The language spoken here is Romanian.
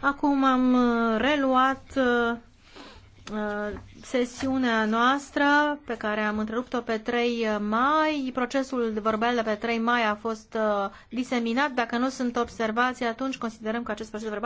Acum am uh, reluat uh, uh, sesiunea noastră pe care am întrerupt-o pe 3 mai. Procesul de verbal de pe 3 mai a fost diseminat. Dacă nu sunt observații, atunci considerăm că acest proces verbal